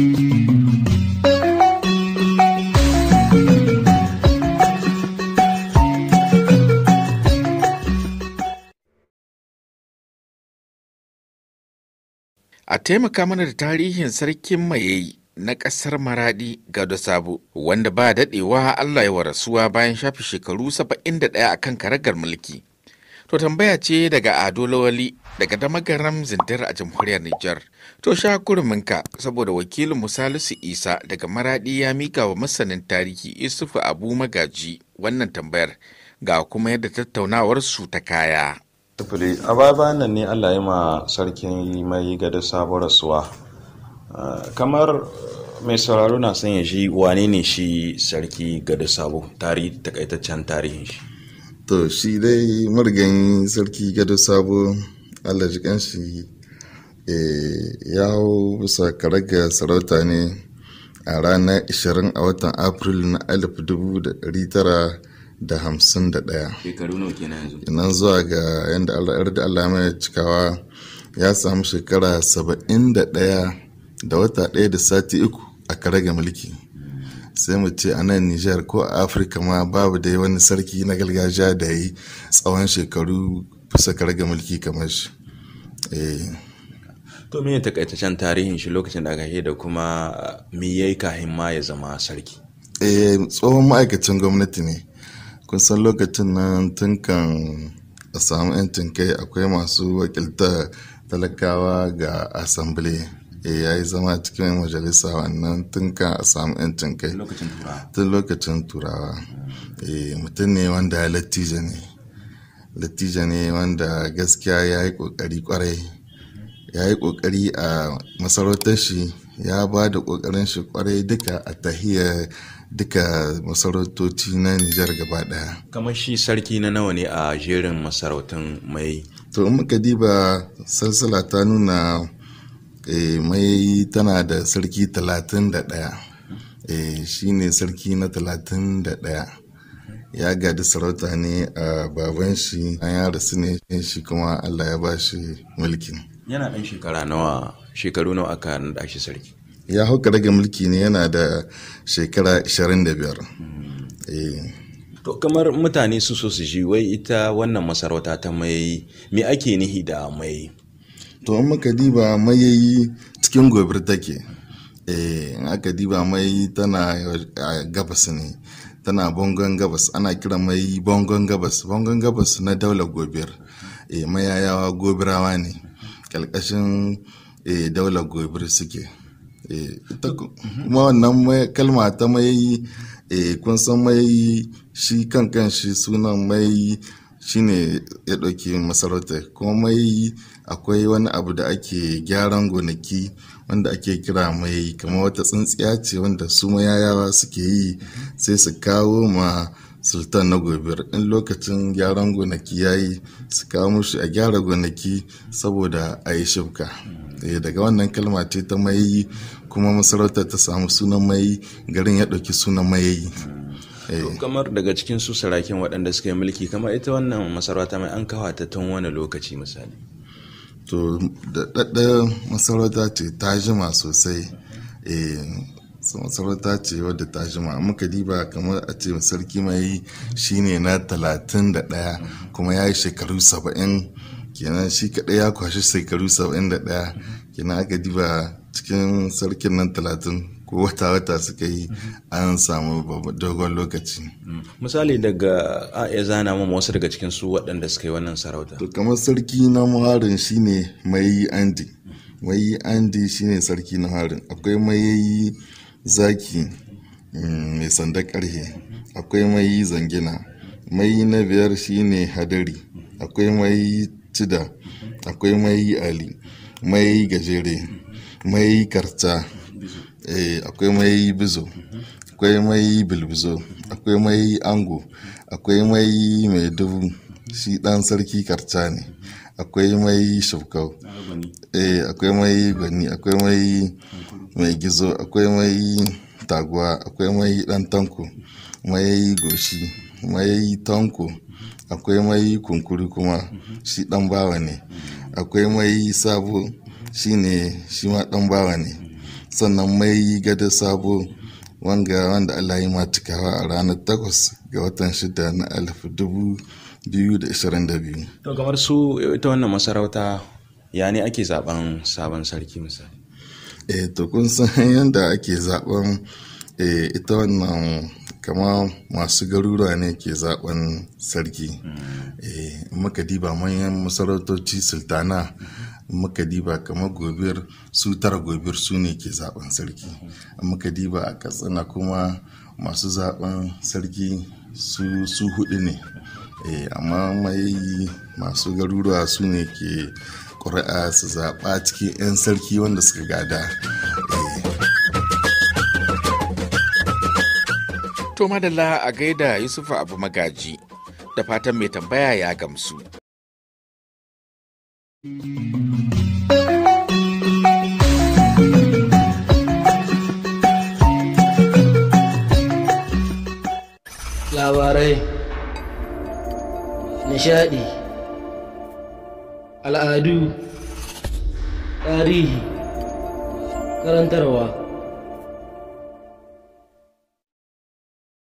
A taimaka mana da tarihin sarkin mayayi na ƙasar Maradi Gado Sabo, wanda ba daɗewa Allah ya wa rasuwa bayan shafi shekaru saba'in 71 a kan karagar mulki. To tambaya ce daga Ado Lawali daga damagaram zindir a jamhuriyar Nijar. To sha kurminka saboda wakilin Musalisu Isa daga Maradi ya mika wa masanin tarihi Isufu Abu Magaji wannan tambayar ga kuma yadda tattaunawar su ta kaya. Sufuri, a baya nan ne Allah ya ma sarkin mai gada sabon rasuwa. Ah, kamar mai sauraro na son ya shi wane ne shi sarki gada sabo tarihi takaitaccen tarihin shi. to shi dai marigayin sarki gado sabo allah ji kanshi eh, ya hau bisa karaga sarauta ne a ranar 20 a watan april na 1951 shekaru nawa kenan yanzu nan zuwa ga yadda allah da allah mai cikawa ya samu shekara 71 da wata 1 da sati uku a karaga mulki sai mu ce a nan Nijar ko Afirka ma babu da wani sarki na gargajiya da yi tsawon shekaru bisa karga mulki kamar shi. Eh. To me takaitaccen tarihin shi lokacin da aka da kuma ah, me yayi kahin ma ya zama sarki? Eh tsohon ma'aikacin gwamnati ne. Kun san lokacin nan tun kan a samu 'yancin kai akwai masu wakilta talakawa ga asambili. eh ya yi zama cikin majalisa wannan tun kan a samu yancin kai tun lokacin turawa E, mutum ne wanda ya lattija ne lattija ne wanda gaskiya ya yi kokari kwarai ya yi kokari a masarautar shi ya ba da kokarin shi kwarai duka a tahiyar duka masarautoci na Nijar gaba daya. Kamar shi sarki na nawa ne a jerin masarautan mai? To in muka diba salsala ta nuna Eh, mai tana da sarki 31 eh, shi ne sarki na 31 ya gadi sarauta ne a baban shi an ya rasu ne shi kuma allah ya ba shi mulkin yana ɗan shekara nawa shekaru nawa aka naɗa shi sarki ya hauka daga mulki ne yana da shekara 25 hmm. eh. to kamar mutane su so su ji wai ita wannan masarauta ta mai me ake nihi da mai to in muka diba mayayi cikin gobir take eh, in aka diba mayayi tana gabas ne tana bangon gabas ana kira mayayi bangon gabas bangon gabas na daular gobir eh, mayayawa gobirawa ne kalkashin eh, daular gobir suke kuma wannan kalma ta mayayi kun san mayayi shi kan kan shi sunan mayayi shine ya ɗauki masarauta, kuma mai akwai wani abu da ake gyaran gonaki wanda ake kira mai kamar wata tsintsiya ce wanda su mayayawa suke yi sai su kawo ma sultan na gobir in lokacin gyaran gonaki ya yi su kawo mushi a gyara gonaki saboda a yi shibka eh, daga wannan kalma ce ta mai kuma masarautar ta samu sunan mai garin ya ɗauki sunan mayayi. Eh. kamar daga cikin su sarakin waɗanda suka yi mulki kamar ita wannan masarauta mai an kawo ta tun wani lokaci misali to da masarauta ce ta jima sosai eh, masarauta ce wadda ta jima muka diba kamar a ce sarki mai shine na 31 kuma ya yi shekaru 70 kenan shi kaɗai ya kwashi shekaru 71 kenan aka diba cikin sarkin nan talatin. ko wata-wata suka yi an samu dogon lokaci misali daga a zana mu wasu daga cikin su waɗanda suka yi wannan sarauta to kamar sarki na muharin shine mai andi mai andi shine sarki na harin akwai mai zaki mm, mai sanda ƙarhe. akwai mai zangina mai na biyar shine hadari akwai mai cida akwai mai ali mai gajere mai karta Eh, akwai mai bizo akwai mai bilbizo akwai mai ango akwai mai mai dubu shi dan sarki karca ne akwai mai shafkau eh, akwai mai gani akwai mai mai gizo akwai mai taguwa akwai mai dan tanko mai goshi mai tanko akwai mai kunkuri kuma shi dan bawa ne akwai mai sabo shi ne shi ma dan bawa ne sannan mai gada sabo wanga wanda Allah ya matukawa a ranar takwas ga watan shida na alif dubu biyu da ishirin da biyu. To kamar su ita wannan masarauta ya ne ake zaben sabon sarki misali? Eh to kun san yadda ake zaben eh, ita wannan kama masu garuruwa ne ke zaben sarki. Hmm. Eh muka diba manyan masarautoci sultana. Mm -hmm. muka diba kamar gobir su tara gobir su ne ke zaben sarki muka diba a katsina kuma masu zaben sarki su su hudu ne eh, amma mai masu garuruwa su ne ke ƙuri'a su zaɓa cikin 'yan sarki wanda suka gada eh. to madalla a gaida yusufa abu magaji da fatan mai tambaya ya gamsu Labarai, nishadi, al'adu, tarihi, karantarwa.